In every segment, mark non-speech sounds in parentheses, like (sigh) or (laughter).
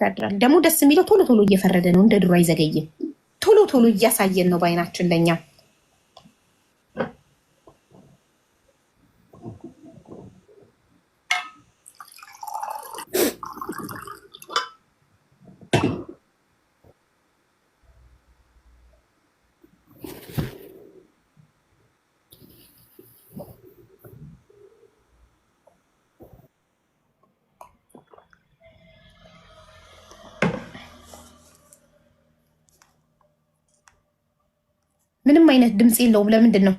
ይፈርዳል። ደግሞ ደስ የሚለው ቶሎ ቶሎ እየፈረደ ነው፣ እንደ ድሮ አይዘገይም። ቶሎ ቶሎ እያሳየን ነው በአይናችን ለኛ ምንም አይነት ድምፅ የለውም። ለምንድን ነው?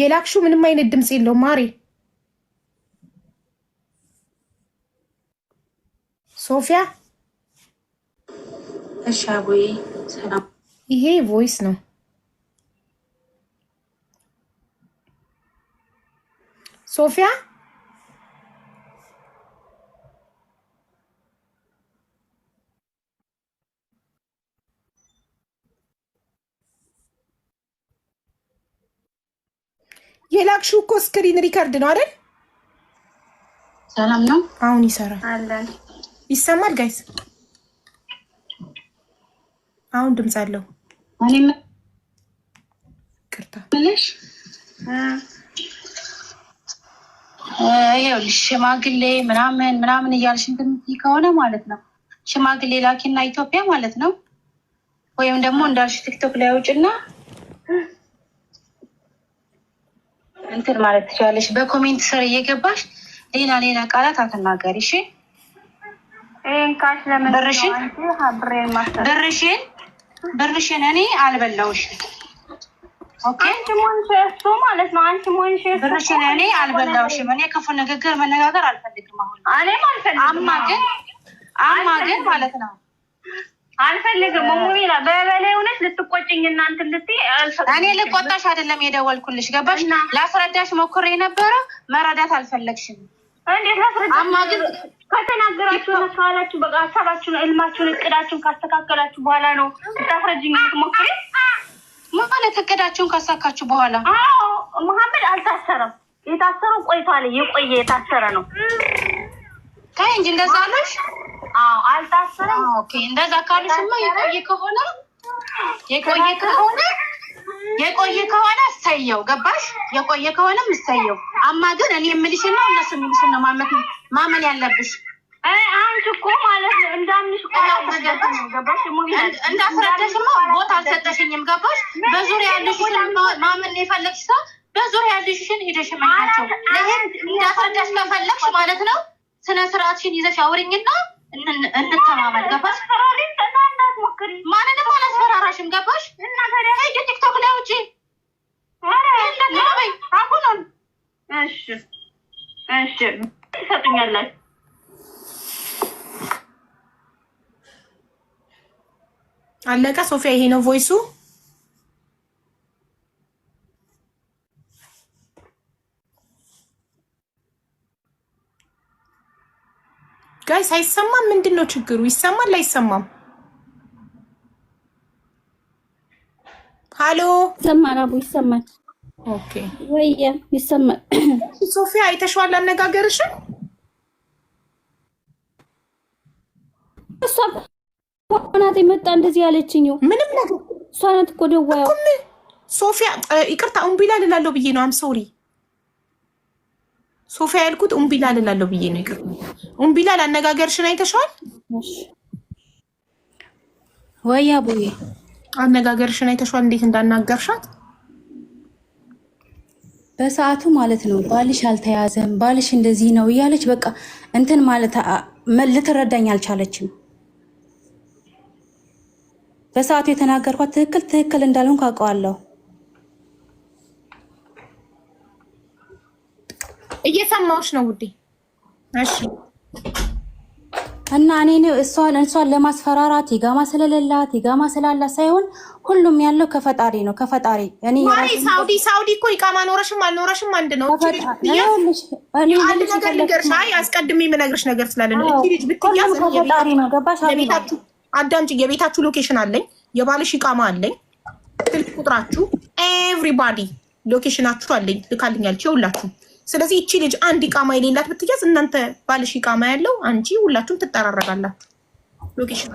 የላክሹ ምንም አይነት ድምፅ የለውም። ማሬ ሶፊያ፣ እሺ ሰላም። ይሄ ቮይስ ነው። ሶፊያ የላክሹ እኮ ስክሪን ሪከርድ ነው አይደል? ሰላም ነው። አሁን ይሰራል። ይሰማል ጋይስ? አሁን ድምፅ አለው። ቅርታ ሽማግሌ ምናምን ምናምን እያልሽ እንትን ከሆነ ማለት ነው ሽማግሌ ላኪና ኢትዮጵያ ማለት ነው። ወይም ደግሞ እንዳልሽ ቲክቶክ ላይ አውጭና እንትን ማለት ትችላለች። በኮሜንት ስር እየገባሽ ሌላ ሌላ ቃላት አትናገሪ እሺ። ብርሽን ብርሽን ብርሽን እኔ አልበላውሽም። ማለት ነው ብርሽን እኔ አልበላውሽም። እኔ ክፉ ንግግር መነጋገር አልፈልግም። አሁን አማ ግን አማ ግን ማለት ነው አልፈልግም። ሙሚና በበላይ እውነት ልትቆጭኝ እናንት ልት እኔ ልቆጣሽ አይደለም የደወልኩልሽ ገባሽ? ላስረዳሽ ሞክሬ የነበረ መረዳት አልፈለግሽም። እንዴት ላስረዳሽ? ከተናገራችሁ ካላችሁ በቃ ሀሳባችሁን፣ እልማችሁን፣ እቅዳችሁን ካስተካከላችሁ በኋላ ነው ልታስረጅኝ ልትሞክሪ ማለት እቅዳችሁን ካሳካችሁ በኋላ አዎ መሀመድ አልታሰረም። የታሰረው ቆይቷል። የቆየ የታሰረ ነው። ታይ እንጂ እንደዛ አለሽ አልታሰረም። እንደዛ ካልሽማ የቆየ ከሆነ የቆየ ከሆነ የቆየ ከሆነ እሰየው፣ ገባሽ? የቆየ ከሆነም እሰየው። አማ ግን እኔ የምልሽና እነሱ የሚልሽን ነው ማመን ያለብሽ። አንቺ እኮ ማለት ነው እንዳስረዳሽማ ቦታ አልሰጠሽኝም። ገባሽ? በዙሪያ ማመን የፈለግሽ ሰው በዙሪያ ሄደሽ እንዳስረዳሽ ከፈለግሽ ማለት ነው ስነ ስርዓትሽን ይዘሽ አውሪኝና እንተማመን። ገባሽ? ማንንም አላስፈራራሽም። ገባሽ? ቲክቶክ ላይ አውጪ። ትሰጡኛላችሁ አለቀ። ሶፊያ ይሄ ነው ቮይሱ። ጋይስ አይሰማም? ምንድን ነው ችግሩ? ይሰማል አይሰማም? ሀሎ ይሰማል። አቡ ይሰማል። ኦኬ ወይ ይሰማል። ሶፊያ አይተሽዋል አነጋገርሽን እሷ ናት የመጣ እንደዚህ ያለችኝ። ምንም ነገር እሷ ናት እኮ ደዋያ ሶፊያ። ይቅርታ እምቢላ ልላለሁ ብዬ ነው አም ሶሪ ሶፊያ ያልኩት ኡምቢላል ልላለው ብዬ ነው። ይቅር ኡምቢላል አነጋገርሽን አይተሽዋል ወይ አቡዬ? አነጋገርሽን አይተሸዋል እንዴት እንዳናገርሻት በሰዓቱ ማለት ነው። ባልሽ አልተያዘም፣ ባልሽ እንደዚህ ነው እያለች በቃ እንትን ማለት ልትረዳኝ አልቻለችም። በሰዓቱ የተናገርኳት ትክክል ትክክል እንዳልሆን ካውቀዋለሁ። እየሰማሁሽ ነው ውዴ። እሺ እና እኔ እሷን እሷን ለማስፈራራት ይጋማ ስለሌላት ይጋማ ስላላት ሳይሆን ሁሉም ያለው ከፈጣሪ ነው። ከፈጣሪ እኔ ሳውዲ ሳውዲ እኮ ይቃማ ኖረሽም አልኖረሽም አንድ ነው። አንድ ነገር ልንገርሽ፣ አይ አስቀድሜ የምነግርሽ ነገር ስላለ ነው። ልጅ ብትያዝ ከፈጣሪ ነው። ገባሽ? አዳምጪ። የቤታችሁ ሎኬሽን አለኝ፣ የባልሽ ይቃማ አለኝ፣ ስልክ ቁጥራችሁ ኤቭሪባዲ ሎኬሽናችሁ አለኝ። ልካልኛል ሁላችሁ ስለዚህ እቺ ልጅ አንድ ኢቃማ የሌላት ብትያዝ እናንተ ባልሽ ኢቃማ ያለው አንቺ ሁላችሁም ትጠራረጋላት ሎኬሽን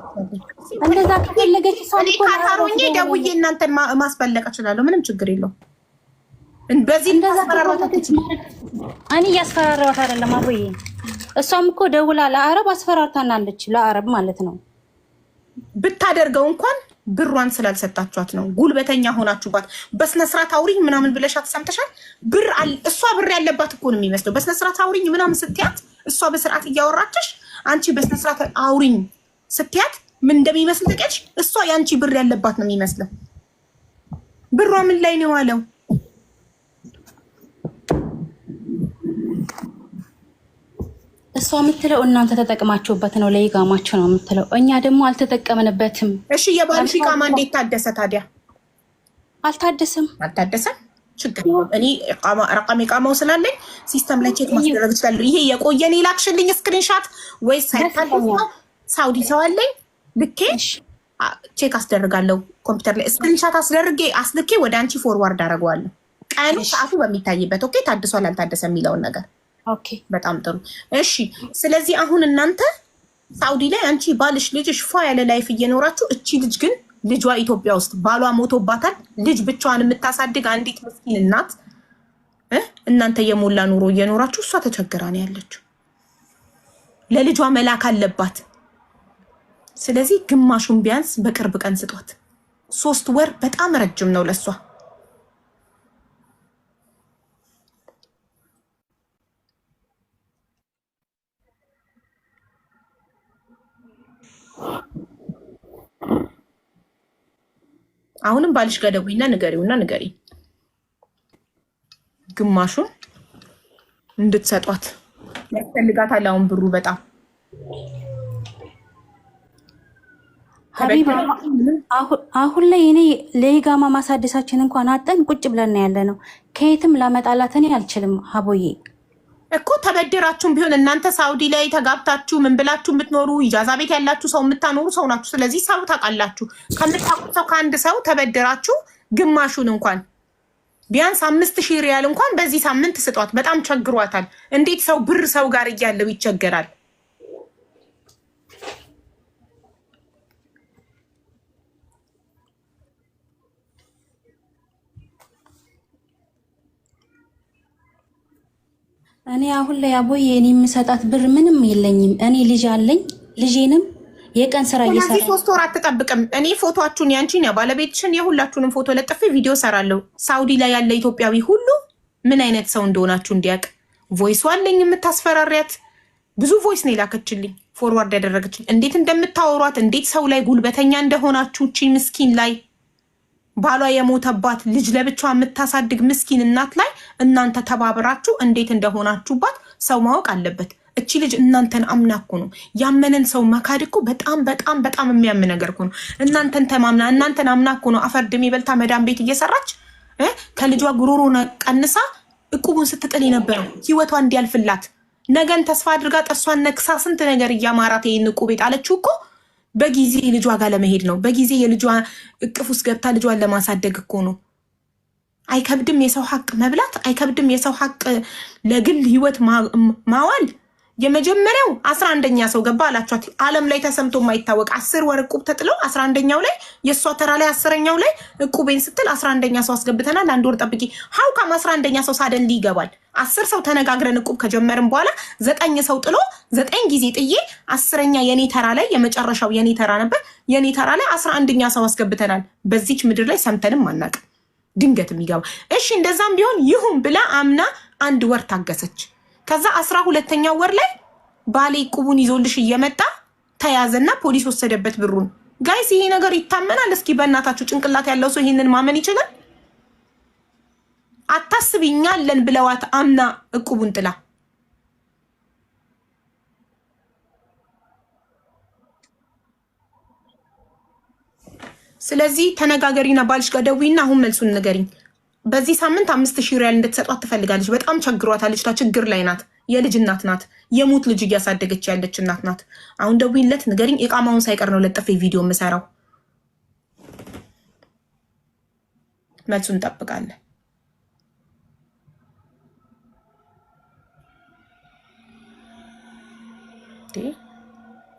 እንደዛ ከፈለገች ካታሮኜ ደውዬ እናንተን ማስፈለቅ እችላለሁ። ምንም ችግር የለው። በዚህ እኔ እያስፈራረባት አይደለም አቦዬ። እሷም እኮ ደውላ ለአረብ አስፈራርታናለች። ለአረብ ማለት ነው ብታደርገው እንኳን ብሯን ስላልሰጣችኋት ነው። ጉልበተኛ ሆናችሁባት። በስነስርዓት አውሪኝ ምናምን ብለሻት ሰምተሻል። ብር እሷ ብር ያለባት እኮ ነው የሚመስለው። በስነስርዓት አውሪኝ ምናምን ስትያት እሷ በስርዓት እያወራችሽ፣ አንቺ በስነስርዓት አውሪኝ ስትያት ምን እንደሚመስል ተቀች። እሷ የአንቺ ብር ያለባት ነው የሚመስለው። ብሯ ምን ላይ ነው አለው እሷ የምትለው እናንተ ተጠቅማችሁበት ነው ለይቃማችሁ ነው የምትለው። እኛ ደግሞ አልተጠቀምንበትም። እሺ የባልሽ ይቃማ እንዴት ታደሰ ታዲያ? አልታደሰም። አልታደሰም ችግር እኔ ረቃም ይቃማው ስላለኝ ሲስተም ላይ ቼክ ማስደረግ ይችላሉ። ይሄ የቆየ የቆየን ላክሽልኝ ስክሪንሻት ወይስ ሳይታደስ ሳውዲ ሰው አለኝ ልኬ ቼክ አስደርጋለሁ። ኮምፒውተር ላይ ስክሪንሻት አስደርጌ አስልኬ ወደ አንቺ ፎርዋርድ አደርገዋለሁ። ቀኑ ሰዓቱ በሚታይበት ኦኬ፣ ታድሷል አልታደሰ የሚለውን ነገር ኦኬ በጣም ጥሩ እሺ ስለዚህ አሁን እናንተ ሳውዲ ላይ አንቺ ባልሽ ልጅሽ ፏ ያለ ላይፍ እየኖራችሁ እቺ ልጅ ግን ልጇ ኢትዮጵያ ውስጥ ባሏ ሞቶባታል ልጅ ብቻዋን የምታሳድግ አንዲት ምስኪን እናት እናንተ የሞላ ኑሮ እየኖራችሁ እሷ ተቸግራ ነው ያለችው ለልጇ መላክ አለባት ስለዚህ ግማሹን ቢያንስ በቅርብ ቀን ስጧት ሶስት ወር በጣም ረጅም ነው ለሷ አሁንም ባልሽ ጋር ደውይና ንገሪውና ንገሪ ግማሹን እንድትሰጧት ያስፈልጋታል። አሁን ብሩ በጣም አሁን ላይ እኔ ለይጋማ ማሳደሳችን እንኳን አጠን ቁጭ ብለን ያለ ነው። ከየትም ላመጣላት እኔ አልችልም ሀቦዬ እኮ ተበድራችሁም ቢሆን እናንተ ሳውዲ ላይ ተጋብታችሁ ምን ብላችሁ የምትኖሩ ኢጃዛ ቤት ያላችሁ ሰው የምታኖሩ ሰው ናችሁ። ስለዚህ ሰው ታውቃላችሁ። ከምታውቁት ሰው ከአንድ ሰው ተበድራችሁ ግማሹን እንኳን ቢያንስ አምስት ሺህ ሪያል እንኳን በዚህ ሳምንት ስጧት። በጣም ቸግሯታል። እንዴት ሰው ብር ሰው ጋር እያለው ይቸገራል? እኔ አሁን ላይ አቦዬ እኔ የምሰጣት ብር ምንም የለኝም። እኔ ልጅ አለኝ። ልጄንም የቀን ስራ እየሰራ ሶስት ወር አትጠብቅም። እኔ ፎቶችሁን ያንቺን፣ ያ ባለቤትሽን፣ የሁላችሁንም ፎቶ ለጥፌ ቪዲዮ ሰራለሁ። ሳውዲ ላይ ያለ ኢትዮጵያዊ ሁሉ ምን አይነት ሰው እንደሆናችሁ እንዲያውቅ። ቮይሱ አለኝ የምታስፈራሪያት ብዙ ቮይስ ነው የላከችልኝ፣ ፎርዋርድ ያደረገችልኝ እንዴት እንደምታወሯት እንዴት ሰው ላይ ጉልበተኛ እንደሆናችሁ ቺ ምስኪን ላይ ባሏ የሞተባት ልጅ ለብቻ የምታሳድግ ምስኪን እናት ላይ እናንተ ተባብራችሁ እንዴት እንደሆናችሁባት ሰው ማወቅ አለበት። እቺ ልጅ እናንተን አምና እኮ ነው። ያመነን ሰው መካድ እኮ በጣም በጣም በጣም የሚያም ነገር እኮ ነው። እናንተን ተማምና እናንተን አምና እኮ ነው። አፈር ድሜ በልታ መዳን ቤት እየሰራች ከልጇ ጉሮሮ ቀንሳ እቁቡን ስትጥል የነበረው ህይወቷ እንዲያልፍላት ነገን ተስፋ አድርጋ ጥርሷን ነክሳ ስንት ነገር እያማራት ይህን ቤት አለችው እኮ በጊዜ ልጇ ጋር ለመሄድ ነው። በጊዜ የልጇ እቅፍ ውስጥ ገብታ ልጇን ለማሳደግ እኮ ነው። አይከብድም የሰው ሀቅ መብላት፣ አይከብድም የሰው ሀቅ ለግል ህይወት ማዋል የመጀመሪያው አስራ አንደኛ ሰው ገባ አላቸዋት። ዓለም ላይ ተሰምቶ የማይታወቅ አስር ወር እቁብ ተጥለው አስራ አንደኛው ላይ የእሷ ተራ ላይ አስረኛው ላይ እቁቤን ስትል አስራ አንደኛ ሰው አስገብተናል፣ ለአንድ ወር ጠብቂ። ሀውካም አስራ አንደኛ ሰው ሳደን ይገባል። አስር ሰው ተነጋግረን እቁብ ከጀመርን በኋላ ዘጠኝ ሰው ጥሎ ዘጠኝ ጊዜ ጥዬ አስረኛ የኔ ተራ ላይ የመጨረሻው የኔ ተራ ነበር። የኔ ተራ ላይ አስራ አንደኛ ሰው አስገብተናል። በዚች ምድር ላይ ሰምተንም አናቅም። ድንገት የሚገባ እሺ፣ እንደዛም ቢሆን ይሁን ብላ አምና አንድ ወር ታገሰች። ከዛ አስራ ሁለተኛው ወር ላይ ባሌ ቁቡን ይዞልሽ እየመጣ ተያዘና ፖሊስ ወሰደበት ብሩን። ጋይስ ይሄ ነገር ይታመናል? እስኪ በእናታችሁ ጭንቅላት ያለው ሰው ይህንን ማመን ይችላል? አታስብ እኛ አለን ብለዋት አምና እቁቡን ጥላ ስለዚህ ተነጋገሪና ባልሽ ጋር ደውይና አሁን መልሱን ንገሪኝ። በዚህ ሳምንት አምስት ሺህ ሪያል እንድትሰጧት ትፈልጋለች። በጣም ቸግሯታል። ልጅቷ ችግር ላይ ናት። የልጅ እናት ናት። የሙት ልጅ እያሳደገች ያለች እናት ናት። አሁን ደውይለት ንገሪኝ። እቃማውን ሳይቀር ነው ለጠፌ ቪዲዮ የምሰራው። መልሱ እንጠብቃለን።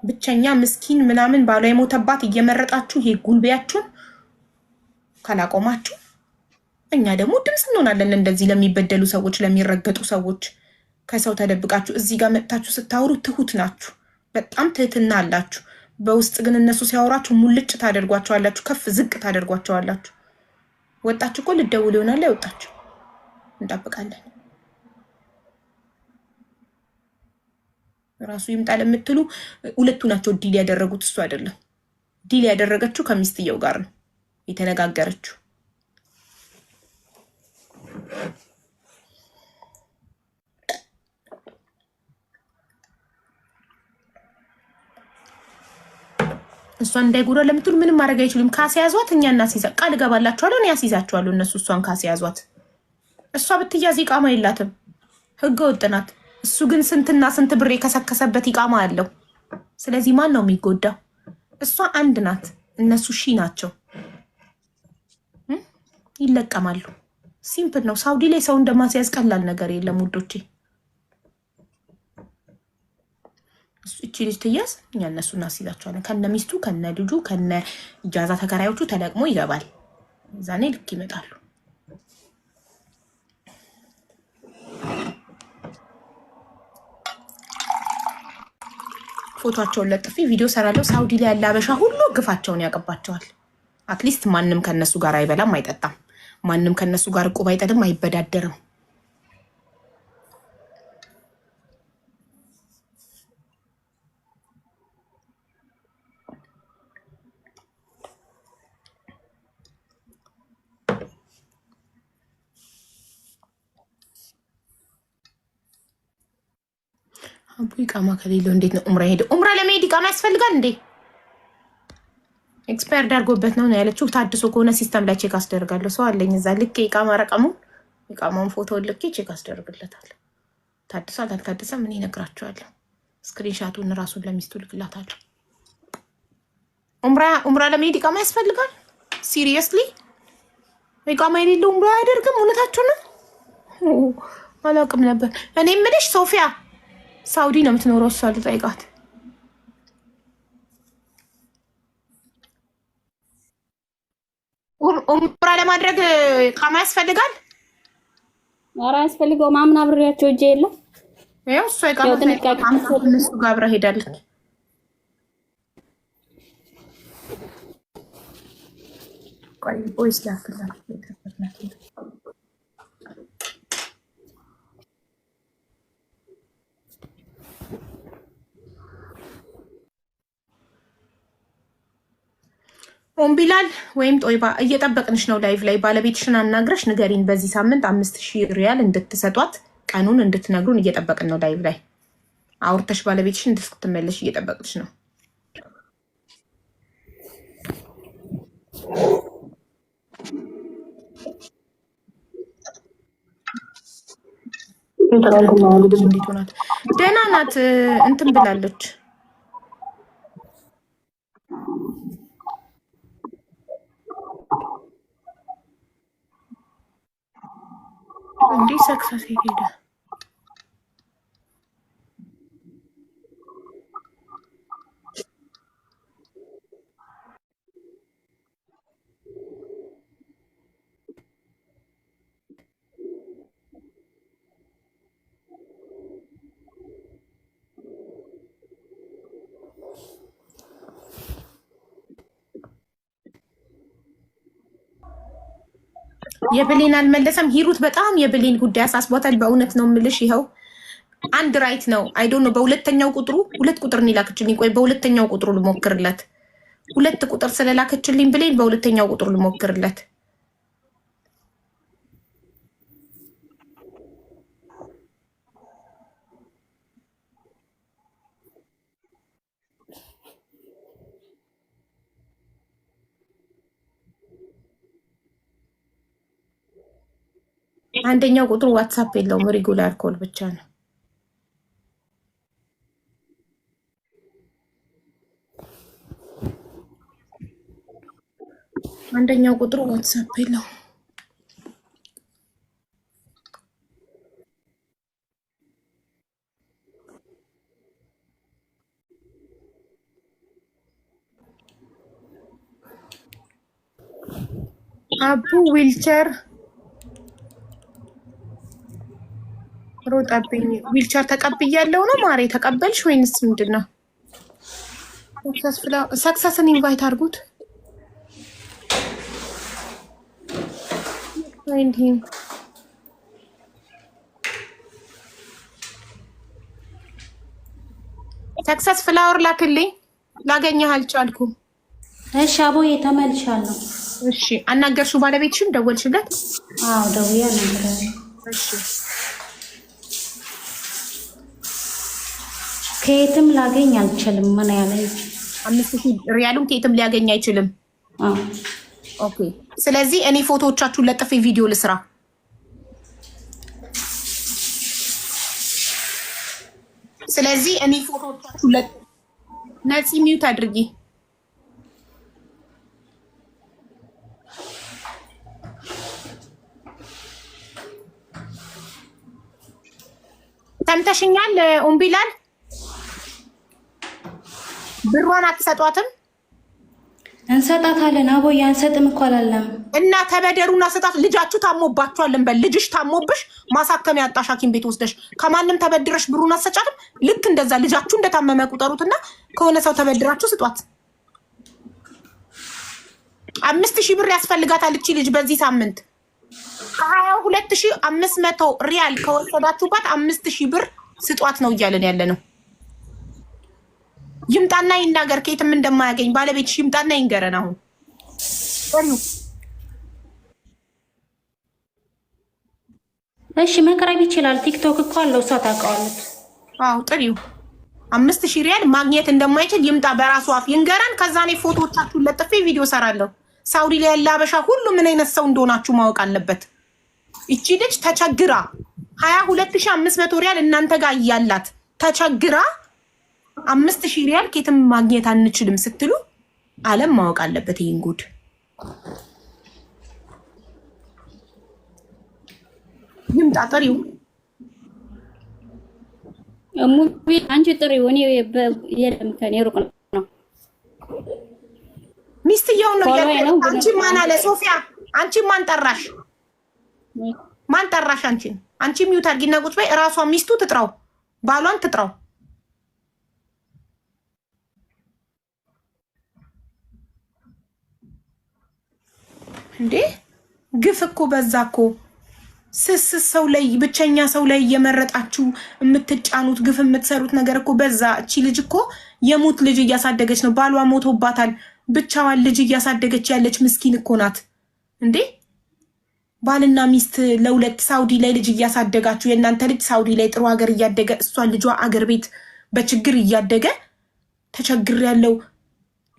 ብቸኛ ምስኪን ምናምን ባሏ የሞተባት እየመረጣችሁ ይሄ ጉልቤያችሁን ካላቆማችሁ እኛ ደግሞ ድምፅ እንሆናለን እንደዚህ ለሚበደሉ ሰዎች፣ ለሚረገጡ ሰዎች። ከሰው ተደብቃችሁ እዚህ ጋር መጥታችሁ ስታወሩ ትሁት ናችሁ፣ በጣም ትህትና አላችሁ። በውስጥ ግን እነሱ ሲያወራችሁ ሙልጭ ታደርጓቸዋላችሁ፣ ከፍ ዝቅ ታደርጓቸዋላችሁ። ወጣችሁ እኮ ልደውል ይሆናል ይወጣችሁ። እንጠብቃለን ራሱ ይምጣ ለምትሉ ሁለቱ ናቸው ዲል ያደረጉት፣ እሱ አይደለም። ዲል ያደረገችው ከሚስትየው ጋር ነው የተነጋገረችው። እሷን እንዳይጎዳ ለምትሉ ምንም ማድረግ አይችሉም። ካስያዟት እኛ እናስይዛ ቃል እገባላችኋለሁ። እኔ ያስይዛችኋለሁ። እነሱ እሷን ካስያዟት እሷ ብትያዝ ይቃማ የላትም፣ ህገ ወጥ ናት። እሱ ግን ስንትና ስንት ብር የከሰከሰበት ይቃማ አለው። ስለዚህ ማን ነው የሚጎዳው? እሷ አንድ ናት፣ እነሱ ሺ ናቸው። ይለቀማሉ። ሲምፕል ነው። ሳውዲ ላይ ሰው እንደማስያዝ ቀላል ነገር የለም ውዶቼ። እቺ ልጅ ትያዝ፣ እኛ እነሱ እናስይዛቸዋለን። ከነ ሚስቱ ከነ ልጁ ከነ እጃዛ ተከራዮቹ ተለቅሞ ይገባል። እዛኔ ልክ ይመጣሉ። ፎቶቸውን ለጥፊ ቪዲዮ ሰራለው። ሳውዲ ላይ ያለ አበሻ ሁሉ ግፋቸውን ያቀባቸዋል። አትሊስት ማንም ከእነሱ ጋር አይበላም አይጠጣም። ማንም ከነሱ ጋር እቁብ አይበዳደርም። አቡ ኢቃማ ከሌለው እንዴት ነው ኡምራ ሄደ? ኡምራ ለመሄድ ኢቃማ ያስፈልጋል እንዴ? ኤክስፓየር ዳርጎበት ነው ያለችው። ታድሶ ከሆነ ሲስተም ላይ ቼክ አስደርጋለሁ። ሰው አለኝ እዛ ልኬ የቃማ ረቀሙን ቃማውን ፎቶ ልኬ ቼክ አስደርግለታል። ታድሷል አልታደሰም ምን ይነግራቸዋለሁ። ስክሪንሻቱን ራሱን ለሚስቱ ልክላታለሁ። ኡምራ ለመሄድ ቃማ ያስፈልጋል። ሲሪየስሊ ቃማ የሌለው ኡምራ አያደርግም። እውነታችሁ ነው። አላውቅም ነበር እኔ የምልሽ ሶፊያ ሳውዲ ነው የምትኖረው እሷ ልጠይቃት ኡምራ ለማድረግ ቃማ ያስፈልጋል? ኧረ ያስፈልገው ማምን አብሬያቸው እጄ የለም። ያው እሷ እነሱ ጋር አብራ ሄዳለች። ቆይ ቦይስ ላክላት ኦምቢላል ወይም ጦይባ እየጠበቅንሽ ነው። ላይቭ ላይ ባለቤትሽን አናግረሽ ንገሪን። በዚህ ሳምንት አምስት ሺህ ሪያል እንድትሰጧት ቀኑን እንድትነግሩን እየጠበቅን ነው። ላይቭ ላይ አውርተሽ ባለቤትሽን እንድትመለሽ እየጠበቅንሽ ነው። ደህና ናት። እንትን ብላለች እንዴት ሰክሰስ ሄደ? የብሌን አልመለሰም። ሂሩት በጣም የብሌን ጉዳይ አሳስቧታል። በእውነት ነው ምልሽ። ይኸው አንድ ራይት ነው አይዶ ነው። በሁለተኛው ቁጥሩ ሁለት ቁጥር ላክችልኝ። ቆይ በሁለተኛው ቁጥሩ ልሞክርለት። ሁለት ቁጥር ስለላክችልኝ ብሌን በሁለተኛው ቁጥሩ ልሞክርለት። አንደኛው ቁጥሩ ዋትሳፕ የለውም፣ ሪጉላር ኮል ብቻ ነው። አንደኛው ቁጥሩ ዋትሳፕ የለውም። አቡ ዊልቸር ሮጠብኝ። ዊልቸር ተቀብያለሁ ነው ማሬ፣ ተቀበልሽ ወይንስ ምንድን ነው? ሰክሰስን ኢንቫይት አድርጉት። ሰክሰስ ፍላወር ላክልኝ። ላገኘህ አልቻልኩም። እሺ አቦዬ ተመልሻለሁ። እሺ አናገርሽው? ባለቤትሽም ደወልሽለት? አዎ ደውዬ አናገራለሁ። እሺ ከየትም ላገኝ አልችልም። ምን ያለ አምስት ሺህ ሪያሉን ከየትም ሊያገኝ አይችልም። ኦኬ። ስለዚህ እኔ ፎቶዎቻችሁን ለጥፌ ቪዲዮ ልስራ። ስለዚህ እኔ ፎቶዎቻችሁን ለጥ ነፂ ሚዩት አድርጊ። ሰምተሽኛል ኦምቢላል ብሯን አትሰጧትም? እንሰጣታለን። አቦዬ አንሰጥም እኮ አላለም። እና ተበደሩና ስጣት። ልጃችሁ ታሞባችኋል እንበል። ልጅሽ ታሞብሽ ማሳከም ያጣሽ ሐኪም ቤት ወስደሽ ከማንም ተበድረሽ ብሩን አትሰጫትም? ልክ እንደዛ ልጃችሁ እንደታመመ ቁጠሩትና ከሆነ ሰው ተበድራችሁ ስጧት። አምስት ሺህ ብር ያስፈልጋታል እቺ ልጅ በዚህ ሳምንት ከሀያ ሁለት ሺህ አምስት መቶ ሪያል ከወሰዳችሁባት አምስት ሺህ ብር ስጧት ነው እያለን ያለ ነው። ይምጣና ይናገር ከየትም እንደማያገኝ ባለቤትሽ ይምጣና ይንገረን። አሁን እሺ መቅረብ ይችላል። ቲክቶክ እኮ አለው እሷ ታውቀዋለች። አዎ ጥሪው አምስት ሺህ ሪያል ማግኘት እንደማይችል ይምጣ በራሱ አፍ ይንገረን። ከዛ እኔ ፎቶዎቻችሁን ለጥፌ ቪዲዮ ሰራለሁ። ሳውዲ ላይ ያለ አበሻ ሁሉ ምን አይነት ሰው እንደሆናችሁ ማወቅ አለበት። እቺ ልጅ ተቸግራ ሀያ ሁለት ሺህ አምስት መቶ ሪያል እናንተ ጋር እያላት ተቸግራ አምስት ሺህ ሪያል ኬትም ማግኘት አንችልም ስትሉ አለም ማወቅ አለበት ይህን ጉድ። ይምጣ ጥሪው ሙቢ አንቺ ጥሪው። ሆኔ የለም ከኔ ሩቅ ነው። ሚስትየውን ነው አንቺ ማን አለ ሶፊያ? አንቺ ማን ጠራሽ? ማን ጠራሽ? አንቺን አንቺ ሚዩት አድርጊና ቁጭ በይ። እራሷ ሚስቱ ትጥራው፣ ባሏን ትጥራው። እንዴ ግፍ እኮ በዛ እኮ ስስስ ሰው ላይ ብቸኛ ሰው ላይ እየመረጣችሁ የምትጫኑት ግፍ የምትሰሩት ነገር እኮ በዛ። እቺ ልጅ እኮ የሙት ልጅ እያሳደገች ነው። ባሏ ሞቶባታል። ብቻዋን ልጅ እያሳደገች ያለች ምስኪን እኮ ናት። እንዴ ባልና ሚስት ለሁለት ሳውዲ ላይ ልጅ እያሳደጋችሁ፣ የእናንተ ልጅ ሳውዲ ላይ ጥሩ ሀገር እያደገ እሷ ልጇ አገር ቤት በችግር እያደገ ተቸግር ያለው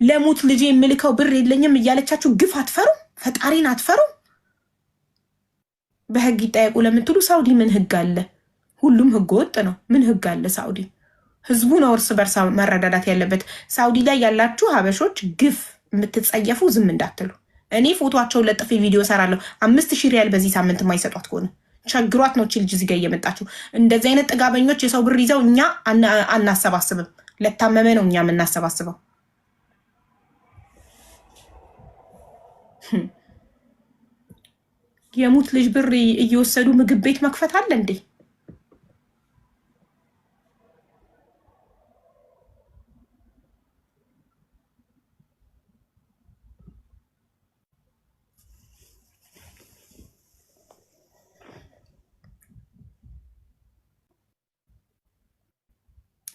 ለሙት ልጅ የምልከው ብር የለኝም እያለቻችሁ ግፍ አትፈሩም? ፈጣሪን አትፈሩ በህግ ይጠየቁ ለምትሉ ሳውዲ ምን ህግ አለ? ሁሉም ህገ ወጥ ነው። ምን ህግ አለ ሳውዲ? ህዝቡ ነው እርስ በርስ መረዳዳት ያለበት። ሳውዲ ላይ ያላችሁ ሀበሾች ግፍ የምትጸየፉ ዝም እንዳትሉ። እኔ ፎቶቸውን ለጥፌ ቪዲዮ ሰራለሁ። አምስት ሺህ ሪያል በዚህ ሳምንት የማይሰጧት ከሆነ ቸግሯት ነው ችልጅ ዚጋ እየመጣችሁ እንደዚህ አይነት ጥጋበኞች የሰው ብር ይዘው እኛ አናሰባስብም። ለታመመ ነው እኛ የምናሰባስበው። የሙት ልጅ ብር እየወሰዱ ምግብ ቤት መክፈት አለ እንዴ?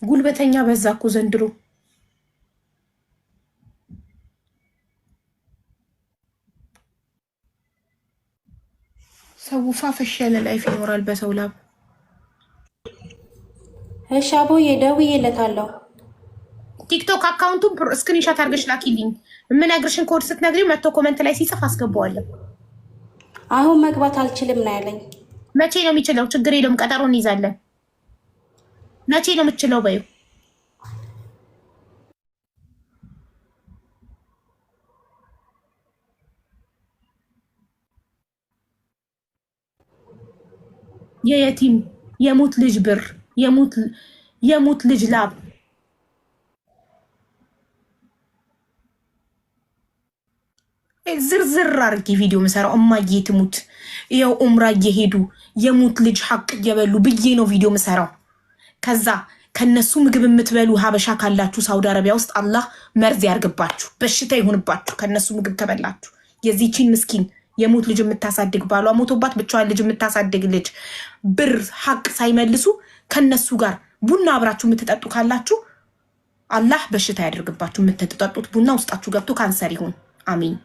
ጉልበተኛ በዛ እኮ ዘንድሮ። ሰው ፋፈሽ ያለ ላይፍ ይኖራል በሰው ላብ። እሺ አቦዬ ደውዬለታለሁ። ቲክቶክ አካውንቱን ስክሪንሻት አድርገሽ ላኪልኝ። የምነግርሽን ኮድ ስትነግሪ መጥቶ ኮመንት ላይ ሲጽፍ አስገባዋለሁ። አሁን መግባት አልችልም ነው ያለኝ። መቼ ነው የሚችለው? ችግር የለውም ቀጠሮ እንይዛለን። መቼ ነው የምችለው በይው የየቲም የሙት ልጅ ብር የሙት ልጅ ላብ ዝርዝር አድርጌ ቪዲዮ ምሰራው እማዬ ትሙት ያው ኡምራ እየሄዱ የሙት ልጅ ሀቅ እየበሉ ብዬ ነው ቪዲዮ ምሰራው። ከዛ ከነሱ ምግብ የምትበሉ ሀበሻ ካላችሁ ሳውዲ አረቢያ ውስጥ አላህ መርዝ ያርግባችሁ፣ በሽታ ይሁንባችሁ ከነሱ ምግብ ከበላችሁ የዚችን ምስኪን የሞት ልጅ የምታሳድግ ባሏ ሞቶባት ብቻዋን ልጅ የምታሳድግ ልጅ ብር ሀቅ ሳይመልሱ ከነሱ ጋር ቡና አብራችሁ የምትጠጡ ካላችሁ አላህ በሽታ ያደርግባችሁ። የምትጠጡት ቡና ውስጣችሁ ገብቶ ካንሰር ይሁን። አሚን።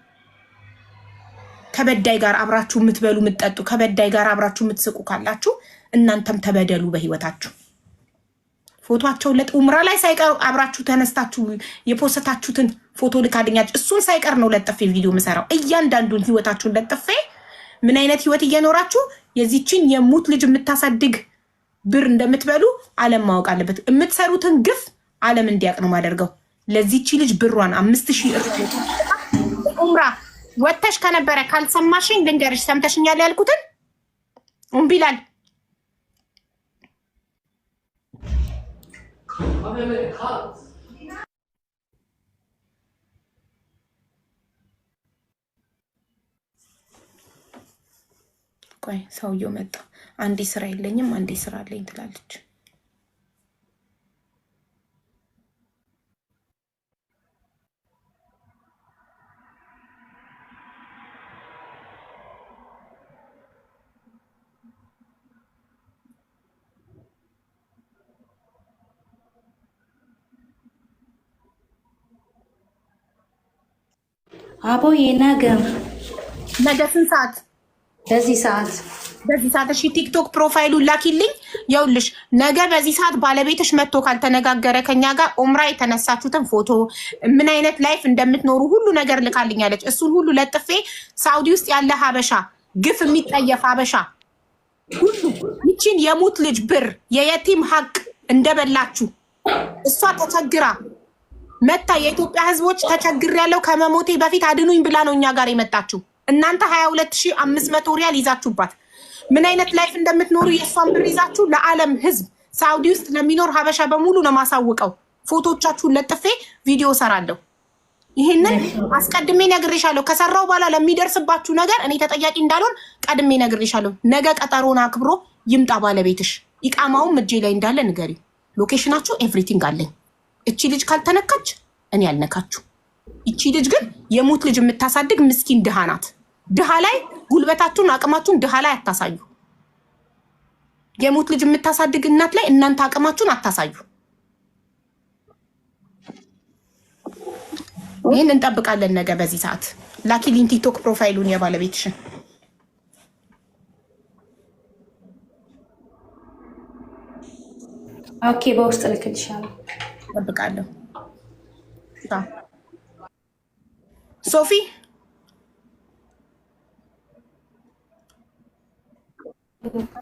ከበዳይ ጋር አብራችሁ የምትበሉ የምትጠጡ፣ ከበዳይ ጋር አብራችሁ የምትስቁ ካላችሁ እናንተም ተበደሉ በህይወታችሁ። ፎቶቸው ለኡምራ ላይ ሳይቀሩ አብራችሁ ተነስታችሁ የፖሰታችሁትን ፎቶ ልካልኛች። እሱን ሳይቀር ነው ለጥፌ ቪዲዮ የምሰራው። እያንዳንዱን ህይወታችሁን ለጥፌ ምን አይነት ህይወት እየኖራችሁ የዚችን የሙት ልጅ የምታሳድግ ብር እንደምትበሉ ዓለም ማወቅ አለበት። የምትሰሩትን ግፍ ዓለም እንዲያውቅ ነው ማደርገው። ለዚቺ ልጅ ብሯን አምስት ሺህ እር ኡምራ ወተሽ ከነበረ ካልሰማሽኝ ልንገርሽ፣ ሰምተሽኛል ያልኩትን እምቢ ይላል። ቆይ ሰውየው መጣ። አንዴ ስራ የለኝም አንዴ ስራ አለኝ ትላለች። አቦ የናገር ነገ ስንት ሰዓት በዚህ ሰዓት በዚህ ሰዓት እሺ፣ ቲክቶክ ፕሮፋይሉ ላኪልኝ። ይኸውልሽ ነገ በዚህ ሰዓት ባለቤትሽ መጥቶ ካልተነጋገረ ከኛ ጋር ኦምራ የተነሳችሁትን ፎቶ፣ ምን አይነት ላይፍ እንደምትኖሩ ሁሉ ነገር ልካልኛለች። እሱን ሁሉ ለጥፌ ሳውዲ ውስጥ ያለ ሀበሻ ግፍ የሚጠየፍ ሀበሻ ሁሉ ይችን የሙት ልጅ ብር የየቲም ሀቅ እንደበላችሁ እሷ ተቸግራ መታ የኢትዮጵያ ሕዝቦች ያለው ከመሞቴ በፊት አድኑኝ ብላ ነው እኛ ጋር የመጣችው። እናንተ 22500 ሪያል ይዛችሁባት ምን አይነት ላይፍ እንደምትኖሩ የእሷን ብር ይዛችሁ ለዓለም ህዝብ ሳውዲ ውስጥ ለሚኖር ሀበሻ በሙሉ ነው ማሳውቀው። ፎቶቻችሁን ለጥፌ ቪዲዮ ሰራለሁ። ይህንን አስቀድሜ ነግሬሻለሁ። ከሰራው በኋላ ለሚደርስባችሁ ነገር እኔ ተጠያቂ እንዳልሆን ቀድሜ ነግሬሻለሁ። ነገ ቀጠሮን አክብሮ ይምጣ ባለቤትሽ። ኢቃማውም እጄ ላይ እንዳለ ንገሪ። ሎኬሽናችሁ፣ ኤቭሪቲንግ አለኝ። እቺ ልጅ ካልተነካች እኔ አልነካችሁ። እቺ ልጅ ግን የሙት ልጅ የምታሳድግ ምስኪን ድሃ ናት። ድሃ ላይ ጉልበታችሁን አቅማችሁን ድሃ ላይ አታሳዩ። የሞት ልጅ የምታሳድግ እናት ላይ እናንተ አቅማችሁን አታሳዩ። ይህን እንጠብቃለን። ነገ በዚህ ሰዓት ላኪልኝ ቲክቶክ ፕሮፋይሉን የባለቤትሽን ኦኬ፣ በውስጥ ልክልሻለሁ። እጠብቃለሁ ሶፊ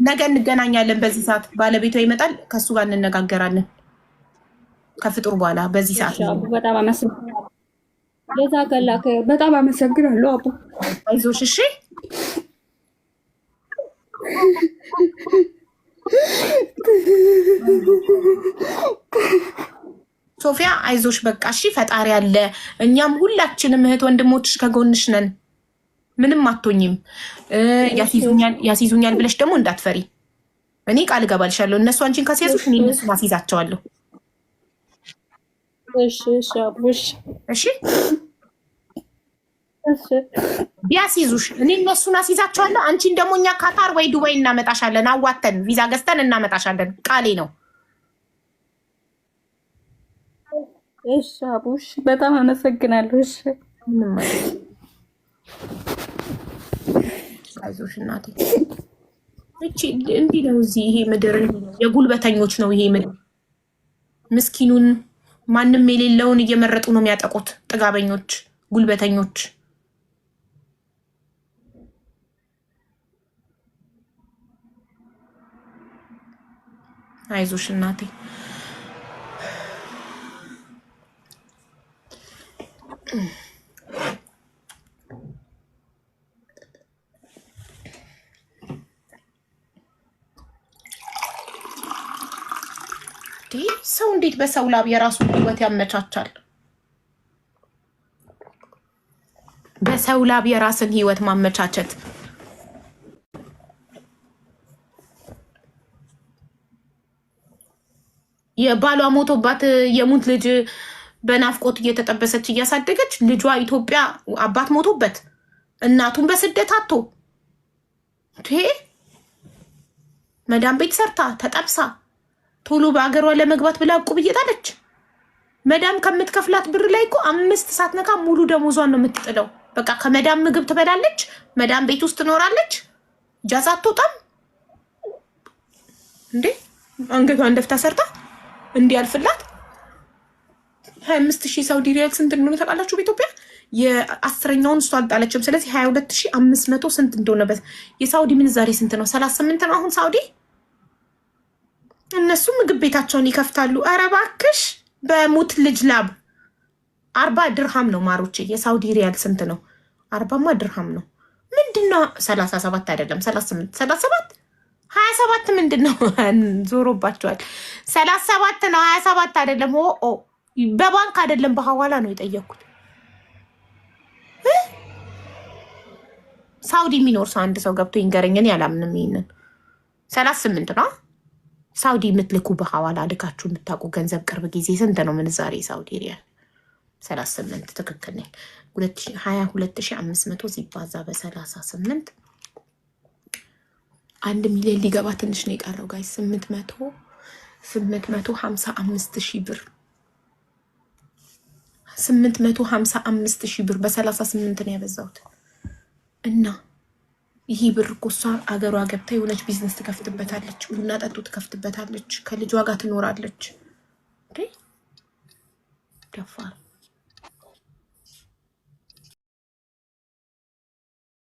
ነገ እንገናኛለን። በዚህ ሰዓት ባለቤቷ ይመጣል፣ ከሱ ጋር እንነጋገራለን። ከፍጡር በኋላ በዚህ ሰዓት በጣም አመሰግናለሁ። አቦ አይዞሽ። እሺ ሶፊያ አይዞሽ፣ በቃ እሺ። ፈጣሪ አለ። እኛም ሁላችንም እህት ወንድሞችሽ ከጎንሽ ነን። ምንም አቶኝም ያስይዙኛል ብለሽ ደግሞ እንዳትፈሪ። እኔ ቃል እገባልሻለሁ። እነሱ አንቺን ካስያዙሽ እኔ እነሱ ማስይዛቸዋለሁ። እሺ ቢያስይዙሽ እኔ እነሱን አስይዛቸዋለሁ። አንቺን ደግሞ እኛ ካታር ወይ ዱባይ እናመጣሻለን። አዋተን ቪዛ ገዝተን እናመጣሻለን። ቃሌ ነው። እሺ አቡሽ፣ በጣም አመሰግናለሁ። እሺ አይዞሽ እናቴ። እቺ እንዲህ ነው እዚህ ይሄ ምድር የጉልበተኞች ነው ይሄ ምድር። ምስኪኑን ማንም የሌለውን እየመረጡ ነው የሚያጠቁት፣ ጥጋበኞች፣ ጉልበተኞች። አይዞሽ እናቴ። ሰው እንዴት በሰው ላብ የራሱን ህይወት ያመቻቻል? በሰው ላብ የራስን ህይወት ማመቻቸት የባሏ ሞቶባት የሙት ልጅ በናፍቆት እየተጠበሰች እያሳደገች ልጇ ኢትዮጵያ አባት ሞቶበት እናቱን በስደት አቶ መዳም ቤት ሰርታ ተጠብሳ ቶሎ በአገሯ ለመግባት ብላ እቁብ እየጣለች መዳም ከምትከፍላት ብር ላይ እኮ አምስት ሰዓት ነካ ሙሉ ደሞዟን ነው የምትጥለው። በቃ ከመዳም ምግብ ትበላለች፣ መዳም ቤት ውስጥ ትኖራለች፣ ጃዛ አትወጣም እንዴ አንገቷን ደፍታ ሰርታ እንዲያልፍላት ሀያ አምስት ሺህ ሳውዲ ሪያል ስንት እንደሆነ ታውቃላችሁ? በኢትዮጵያ የአስረኛውን እሷ አልጣለችም። ስለዚህ ሀያ ሁለት ሺህ አምስት መቶ ስንት እንደሆነበት የሳውዲ ምንዛሬ ስንት ነው? ሰላሳ ስምንት ነው አሁን ሳውዲ እነሱ ምግብ ቤታቸውን ይከፍታሉ። ኧረ እባክሽ በሙት ልጅ ላብ አርባ ድርሃም ነው ማሮቼ። የሳውዲ ሪያል ስንት ነው? አርባማ ድርሃም ነው ምንድነው? ሰላሳ ሰባት አይደለም ሰላሳ ስምንት ሰላሳ ሰባት ሀያ ሰባት ምንድን ነው? (laughs) ዞሮባቸዋል። ሰላሳ ሰባት ነው ሀያ ሰባት አይደለም። ኦ በባንክ አይደለም በሀዋላ ነው የጠየኩት። ሳውዲ የሚኖር ሰው አንድ ሰው ገብቶ ይንገረኝን። ያላምንም ይህንን ሰላሳ ስምንት ነው ሳውዲ የምትልኩ በሐዋላ ልካችሁ የምታውቁ ገንዘብ ቅርብ ጊዜ ስንት ነው ምንዛሬ ሳውዲ ሪያል? ሰላሳ ስምንት ትክክል ነኝ። ሀያ ሁለት ሺ አምስት መቶ ሲባዛ በሰላሳ ስምንት አንድ ሚሊዮን ሊገባ ትንሽ ነው የቀረው ጋይ ስምንት መቶ ስምንት መቶ ሀምሳ አምስት ሺ ብር ስምንት መቶ ሀምሳ አምስት ሺ ብር በሰላሳ ስምንት ነው ያበዛሁት እና ይሄ ብር እኮ እሷ አገሯ ገብታ የሆነች ቢዝነስ ትከፍትበታለች፣ ቡና ጠጡ ትከፍትበታለች፣ ከልጇ ጋር ትኖራለች። ደፋር